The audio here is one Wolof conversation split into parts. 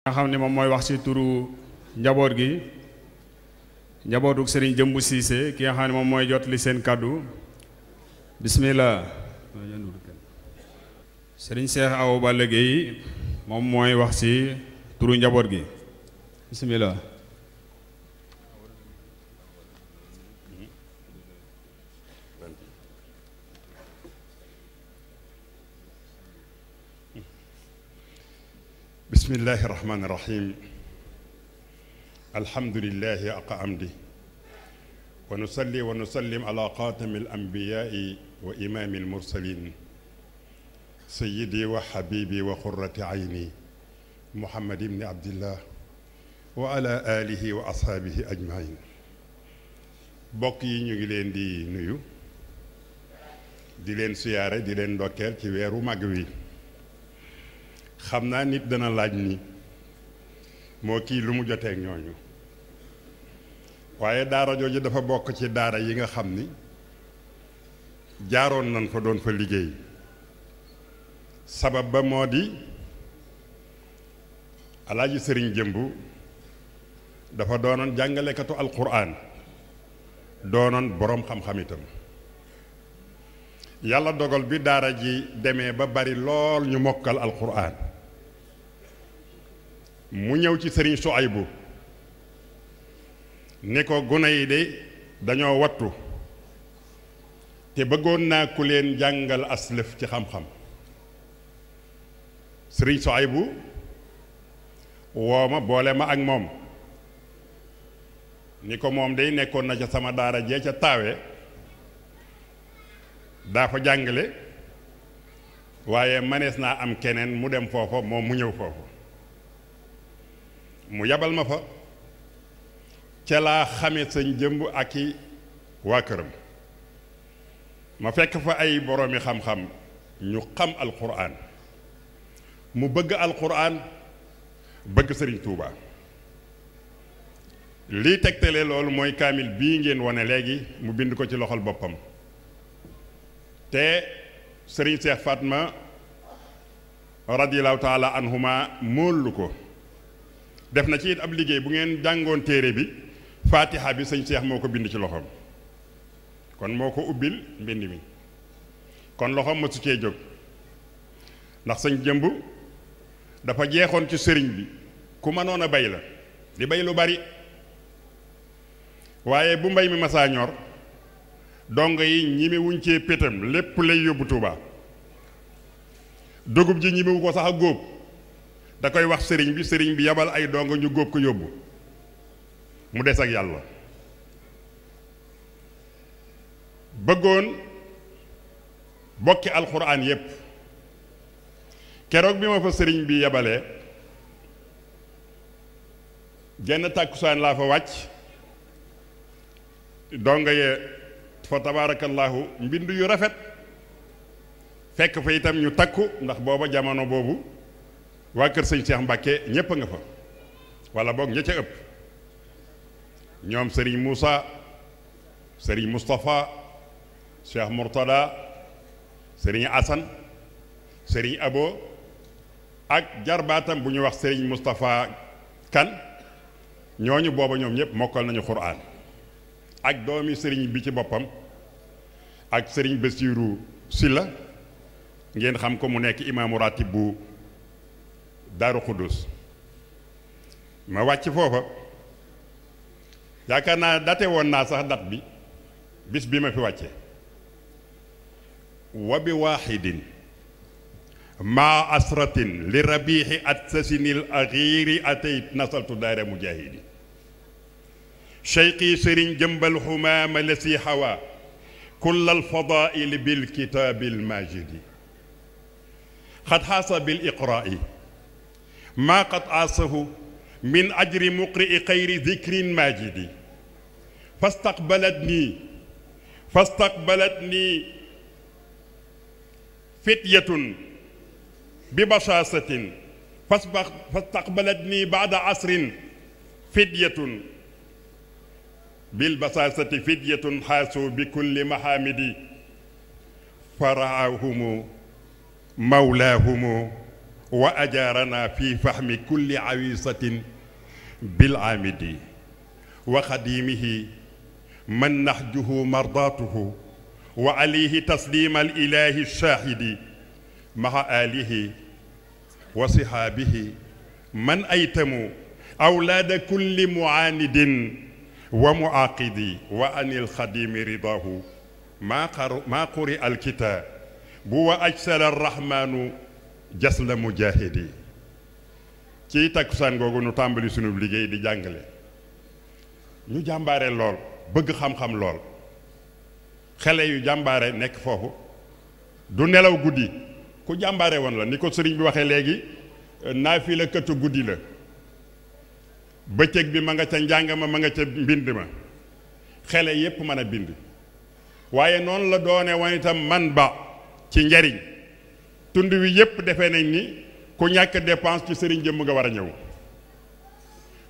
nga xam ni moom mooy wax ci turu njaboot gi njabootuk sëriñ jëmbu siise ki nga xam ne moom mooy jot li seen kàddu bismillah sëriñ Cheikh Awa Balla Gueye moom mooy wax ci turu njaboot gi bismillah bismillahi irrahmani irrahim alhamdulilahi aqa amdi wa nusalli wa nusallim ala xaatami alambiyaai wa imaami almursalin sayidi wa xabibi wa qurati ayni muhammad ibni abdillah wa ala alihi wa ashaabihi ajmain bokk yi ñu ngi leen di nuyu di leen siyaare di leen ndokkeel ci weeru mag wi xam naa nit dana laaj ni moo kii lu mu jotee ñooñu waaye daara jooju dafa bokk ci daara yi nga xam ni jaaroon nañ fa doon fa liggéey sabab ba moo di alaaji sëriñ jëmbu dafa doonoon jàngalekatu alquran doonoon boroom xam-xam itam yàlla dogal bi daara ji demee ba bari lool ñu mokkal alquran mu ñëw ci sëriñ bu ne ko gone yi de dañoo wattu te bëggoon naa ku leen jàngal aslëf ci xam-xam sëriñ Suaybu woo ma boole ma ak moom ni ko moom day nekkoon na ca sama daara jee ca taawe daa fa jàngale waaye manees naa am keneen mu dem foofa moom mu ñëw foofu mu yabal ma fa ca laa xame sañ jëmb ak i waa këram ma fekk fa ay boroomi xam-xam ñu xam alquran mu bëgg alquran bëgg sëriñ Touba lii tegtale loolu mooy kaamil bii ngeen wane léegi mu bind ko ci loxol boppam te sëriñ Seex Fatma radiallahu taala anhuma móolu ko def na ci it ab liggéey bu ngeen jàngoon téere bi faatiha bi sëñ Cheikh moo ko bind ci loxoom kon moo ko ubbil mbind mi kon loxoom mësu cee jóg ndax sañ jëmb dafa jeexoon ci sëriñ bi ku mënoon a bay la di bay lu bari waaye bu mbay mi masaa ñor dong yi ñime wuñ cee pétam lépp lay yóbbu tuubaa dugub ji ñimewu ko sax a góob da koy wax sëriñ bi sëriñ bi yabal ay dong ñu góob ko yóbbu mu des ak yàlla bëggoon bokki alxuraan yépp keroog bi ma fa sëriñ bi yebalee genn tàkkusaan laa fa wàcc donga yee fa tabaarakallaahu mbind yu rafet fekk fa itam ñu takku ndax booba jamono boobu waa kër sëñ Cheikh Mbacke ñëpp a nga fa wala boog ña ca ëpp ñoom sëriñ Moussa sëriñ Moustapha Cheikh Mourtada Serigne Assane sëriñ Abo ak jarbaatam bu ñu wax Serigne Moustapha Kan ñu booba ñoom ñëpp mokkal nañu Qur'an ak doomi sëriñ bi ci boppam ak Serigne Bassirou Sylla ngeen xam ko mu nekk imaamu ratib bu. daaru xuddus ma wàcc foofa yaakaar naa date woon naa sax dat bi bis bi ma fi wàcce wa bi waaxidin maa asratin li rabiixi at sasinil axiiri atayit nasaltu daara mujahidi cheyqi sëriñ jëmbal xumaama la si hawa kulla alfadaili bilkitaabi almajidi xad xaasa bil iqraai maa qad aasahu min ajri muqrii xayri dikrin maajidi fastaqbalat nii fastaqbalat nii fityatun bi bashaasatin fastaqbalat nii baada asrin fityatun bil basaasati fityatun xaasuu bi kulli mahamidi faraahumu mawlaahumu wa ajaarana fi fahmi kulli awisatin bil amidi wa xadimihi man nahjuhu mardaatuhu wa alayhi taslima al ilahi shahidi maha alihi wa sihaabihi man aytamu awlaada kulli muaanidin wa muaaqidi wa anil xadimi ridaahu maa qari alkitaabu wa ajsala arrahmaanu jas la mujaahid yi ci takkusaan googu nu tàmbali sunu liggéey di jàngale ñu jàmbaare lool bëgg xam-xam lool xale yu jàmbaare nekk foofu du nelaw guddi ku jàmbaare woon la ni ko sëriñ bi waxee léegi naafila këtu guddi la bëccëg bi ma nga ca njàng ma ma nga ca mbind ma xele yépp mën a bind waaye noonu la doone woon itam man ba ci njariñ tund wi yépp defe nañ ni ku ñàkk depanse ci sëriñ jëmm nga war a ñëw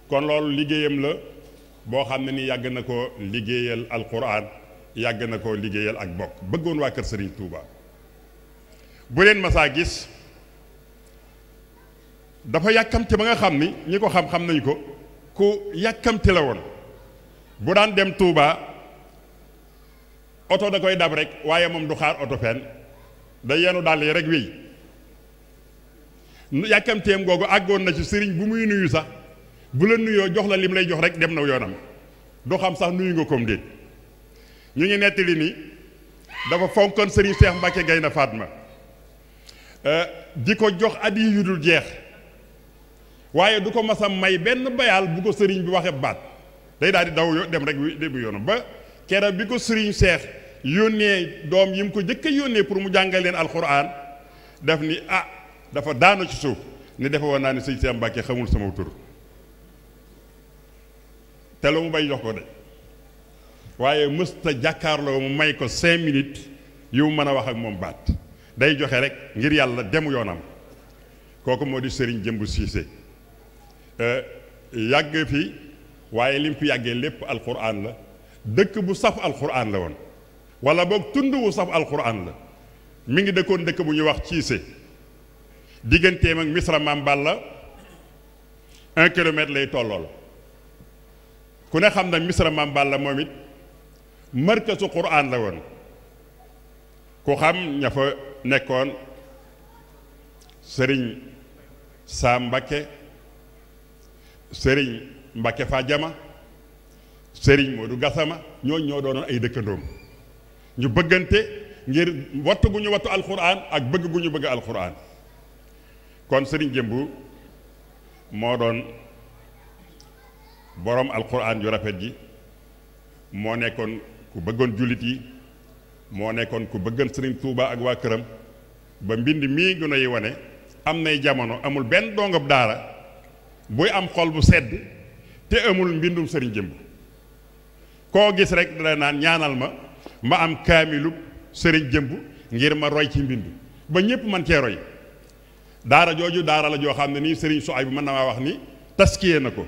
kon loolu liggéeyam la boo xam ne ni yàgg na ko liggéeyal alquran yàgg na ko liggéeyal ak bokk bëggoon waa kër sëriñ Touba bu leen masaa gis dafa yàkkamte ba nga xam ni ñi ko xam-xam nañ ko ku yàkkamte la woon bu daan dem Touba oto da koy dab rek waaye moom du xaar oto fenn da yenu dàll yi rek wéy yàkkamteem googu àggoon na ci sëriñ bu muy nuyu sax bu la nuyoo jox la lim lay jox rek dem na yoonam doo xam sax nuyu nga koom déet ñu ngi nettali ni dafa fonkoon sëriñ Cheikh Mbacke Gaynde Fatma euh, di ko jox at yu dul jeex waaye du ko masam may benn bayaal bu ko sëriñ bi waxe baat day daal di daw dem rek dem yoonam ba keroog bi ko sëriñ Cheikh yónnee doom yi mu ko jëkk yónnee pour mu jàngal leen alxuraan def ni ah dafa daanu ci suuf ni defe woon naa ne sëñ Seex Mbàkke xamul sama tur te lu mu bay jox ko de waaye mësta jàkkaarloo mu may ko cinq minutes yu mën a wax ak moom baat day joxe rek ngir yàlla demu yoonam kooku moo di sëriñ jëmb siise yàgg fi waaye lim fi yàggee lépp alxuraan la dëkk bu saf alxuraan la woon wala boog tund wu saf alquran la mi ngi dëkkoon dëkk bu ñuy wax ciise digganteem ak misra maam Balla un kilomètre lay tollool ku ne xam na misra maam la moom it markasu quraan la woon ku xam ña fa nekkoon sëriñ sa mbakke sëriñ mbakke faa jama sëriñ moodu gasama ñooñ ñoo doonoon ay dëkkandoom ñu bëggante ngir wattu gu ñu wattu alxuraan ak bëgg gu ñu bëgg alxuraan kon sëriñ jëmbu moo doon boroom alxuraan yu rafet gi moo nekkoon ku bëggoon jullit yi moo nekkoon ku bëggoon sëriñ Touba ak waa këram ba mbind mii gën yi wane am nay jamono amul benn dongab daara buy am xol bu sedd te amul mbindum sëriñ jëmb koo gis rek dana naan ñaanal ma ma am kaamilu sëriñ jëmb ngir ma roy ci mbind ba ñëpp man cee roy daara jooju daara la joo xam ne nii sëriñ Suhayb bu mën na maa wax nii taskiye na ko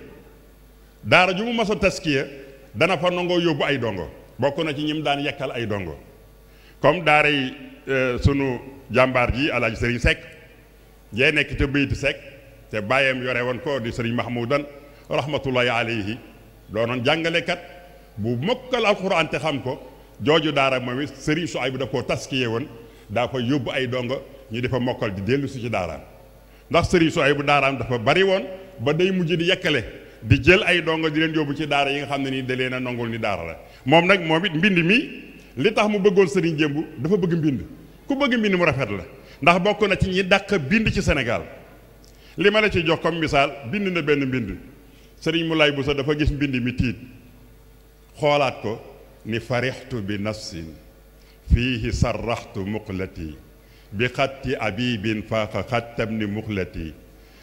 daara ju mu mos a taskiye dana fa nangoo yóbbu ay dongo bokk na ci ñim daan yekkal ay dongo comme daara yi euh, sunu jàmbaar ji alaaji sëriñ sekk jee nekk te bayiti Seck te bàyyeem yore woon ko di sëriñ Mahmoudan rahmatullahi alayhi doonoon jàngalekat bu mokkal alxuraan te xam ko jooju daara moom it sëriñ su ay bu daf koo taskiye woon daa fa yóbbu ay dongo ñu defa mokkal di dellu si ci daaraam ndax sëriñ su ay bu daaraam dafa bari woon ba dey mujj di yekkale di jël ay dongo di leen yóbbu ci daara yi nga xam ne nii da leen a nongul ni daara la moom nag moom it mbind mi li tax mu bëggoon sëriñ Jémbu dafa bëgg mbind ku bëgg mbind mu rafet la ndax bokk na ci ñi dàq bind ci senegal li ma la ci jox comme misaal bind na benn mbind sëriñ Moulay Bousso dafa gis mbind mi tiit xoolaat ko ni farixtu bi nafsin fiihi sarraxtu muqlati bi xatti abibin faaxa xattam ni muqlati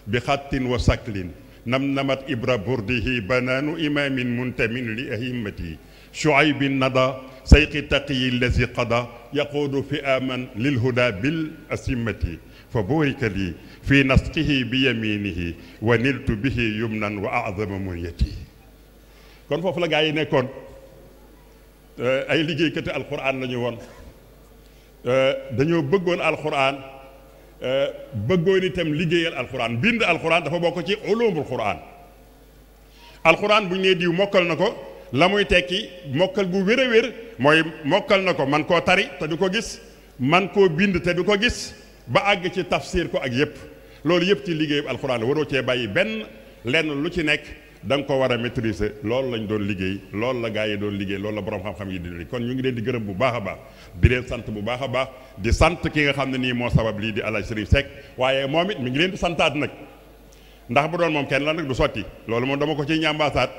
bi xattin wa saklin nam namat ibra burdihi banaanu imaamin muntamin li ahimmati shuaybin nada sayqi taqiyi lazi qada yaquudu fi aman lilhuda bil asimmati fa burika li fi nasqihi bi yaminihi wa niltu bihi yumnan wa acdama munyati kon foofu la gaa yi nekkoon Eh, ay liggéeykati alxuraan lañu ñu woon eh, dañoo bëggoon alxuraan eh, bëggoon itam liggéeyal alxuraan bind alxuraan dafa bokk ci ulumul xuraan alxuraan bu ñu nee diw mokkal na ko la muy tekki mokkal gu wéra wér mooy mokkal na ko man koo tari te du ko gis man koo bind te du ko gis ba àgg ci tafsir ko ak yépp loolu yépp ci liggéeyub alxuraan la waroo cee bàyyi benn lenn lu ci nekk da ko war a maîtriser loolu lañ doon liggéey loolu la gaa yi doon liggéey loolu la borom xam-xam yi di liggéey kon ñu ngi leen di gërëm bu baax a baax di leen sant bu baax a baax di sant ki nga xam ne nii moo sabab lii di Alaaji Sëriñ Seck waaye moom it mu ngi leen di santaat nag ndax bu doon moom kenn la nag du sotti loolu moom dama ko ciy ñàmbaasaat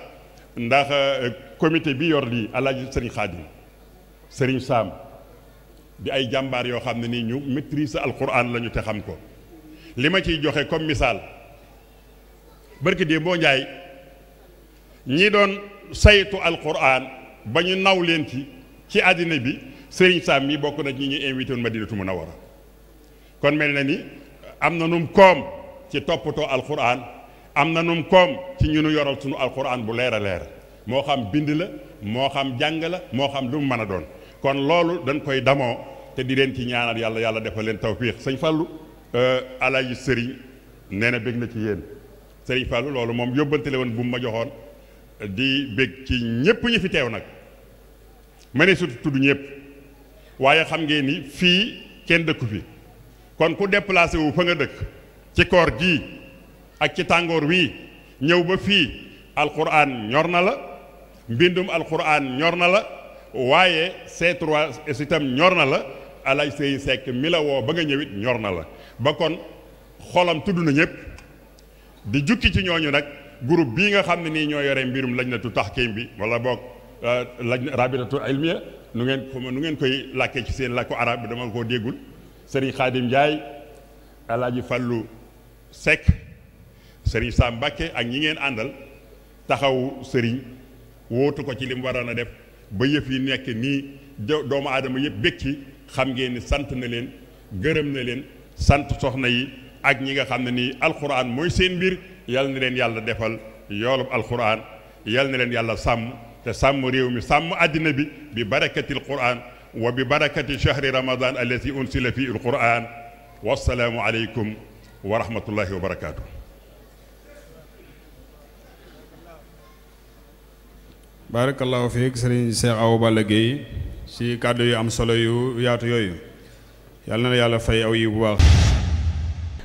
ndax euh, comité bi yor lii Alaaji Sëriñ Xaadim Sëriñ Saam di ay jàmbaar yoo xam ne nii ñu maîtriser alquran la ñu te xam ko li ma ciy joxe comme misaal barki dee boo njaay ñii doon saytu alquran ba ñu naw leen ci ci àddina bi sëriñ Sam mi bokk na ñi ñu invité woon Madinatu Munawara kon mel na ni am na num koom ci toppatoo alquran am na num koom ci ñu nu yoral sunu alquran bu leer a leer moo xam bind la moo xam jàng la moo xam lu mu mën a doon kon loolu dañ koy damoo te di leen ci ñaanal yàlla yàlla defal leen tawfiix sëñ fallu euh, alaaji sëriñ nee na bég na ci yéen sëriñ Fallou loolu moom yóbbante la woon bu mu ma joxoon di bég ci ñépp ñu fi teew nag ma ne tudd ñëpp waaye xam ngeen ni fii kenn dëkku fi kon ku déplacé wu fa nga dëkk ci koor gii ak ci tàngoor wii ñëw ba fii alquran ñor na la mbindum alquran ñor na la waaye C3S itam ñor na la alaj sey sekk mi la woo ba nga ñëwit ñor na la ba kon xolam tudd na ñëpp di jukki ci ñooñu nag groupe bii nga xam ne nii ñoo yore mbirum lajnatu tahkim bi wala boog euh, laj rabitatu ilmiya nu ngeen nu ngeen koy làkkee ci seen làkku arab bi dama koo déggul sëriñ Xaadim Njaay alaaji Fàllu Sekk sëriñ Sam Mbàkke ak ñi ngeen àndal taxawu sëriñ wóotu ko ci li mu waroon a def ba yëf yi nekk nii doomu aadama yëpp bëgg ci xam ngeen ni sant na leen gërëm na leen sant soxna yi ak ñi nga xam ne nii alxuraan mooy seen mbir yal na leen yàlla defal yoolub alquran yal na leen yàlla sàmm te sàmm réew mi sàmm àddina bi bi barakati alquran wa bi barakati chahri ramadan allati unsila fi alquran wassalaamu aleykum wa rahmatullahi wa barakaatu. barakallahu kàddu yu am solo yu yaatu yooyu yal na yàlla fay aw yi